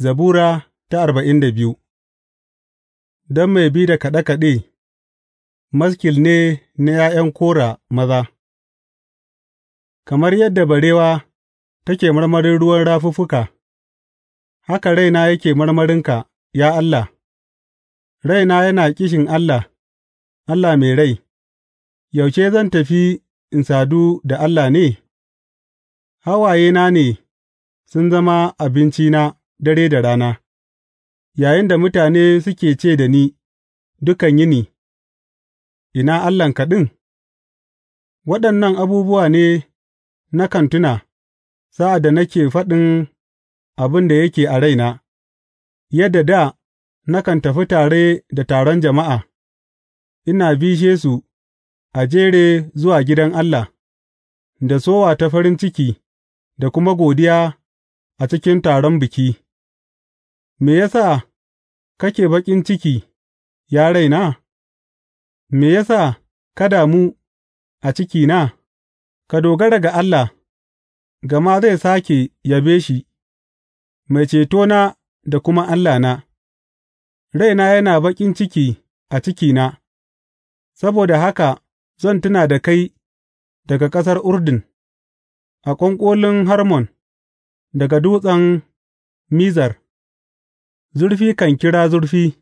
Zabura ta arba'in da biyu Don mai bi da kaɗe kaɗe, maskil ne na ’ya'yan Kora maza, kamar yadda barewa take marmarin ruwan rafuffuka, haka raina yake marmarinka, ya Allah; raina yana kishin Allah, Allah mai rai, yaushe zan tafi in sadu da Allah ne? Hawayena ne sun zama abincina. dare da rana, yayinda mutane suke ce da ni dukan yini, Ina Allahnka kaɗin? Waɗannan abubuwa ne nakan tuna sa'ad da nake faɗin abin da yake a raina, yadda da nakan tafi tare da taron jama'a, ina bishe su a jere zuwa gidan Allah, da sowa ta farin ciki da kuma godiya a cikin taron biki. Me ya sa kake baƙin ciki, ya raina? Me ya sa ka damu a cikina? Ka dogara ga Allah, gama zai sake yabe shi, Mai cetona da kuma Allahna. Raina yana baƙin ciki a cikina, saboda haka zan tuna da kai daga ƙasar Urdun, a ƙwanƙolin harmon daga dutsen Mizar. Zurfi kan kira zurfi;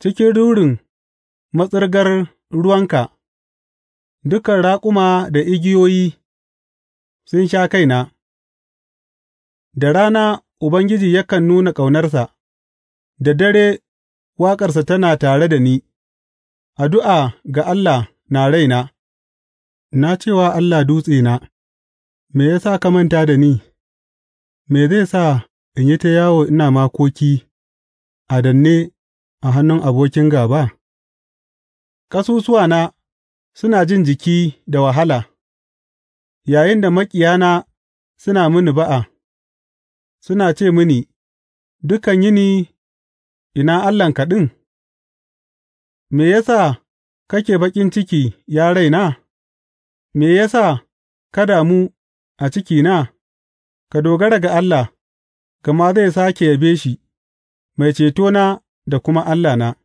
cikin rurin matsirgar ruwanka dukan raƙuma da igiyoyi sun sha kaina; da rana Ubangiji yakan nuna ƙaunarsa, da dare waƙarsa tana tare da ni, addu'a ga Allah na raina, na cewa wa Allah Dutsena, Me ya sa ka manta da ni, me zai sa in yi ta yawo ina makoki a danne a hannun abokin gāba? Ƙasusuwana suna jin jiki da wahala yayinda maƙiyana suna mini ba'a, suna ce mini, Dukan yini, Ina Allahnka kaɗin?" Me ya sa kake baƙin ciki, ya raina? Me ya sa ka damu a cikina? Ka dogara ga Allah. gama zai sāke yabe shi, Mai Cetona da kuma Allahna.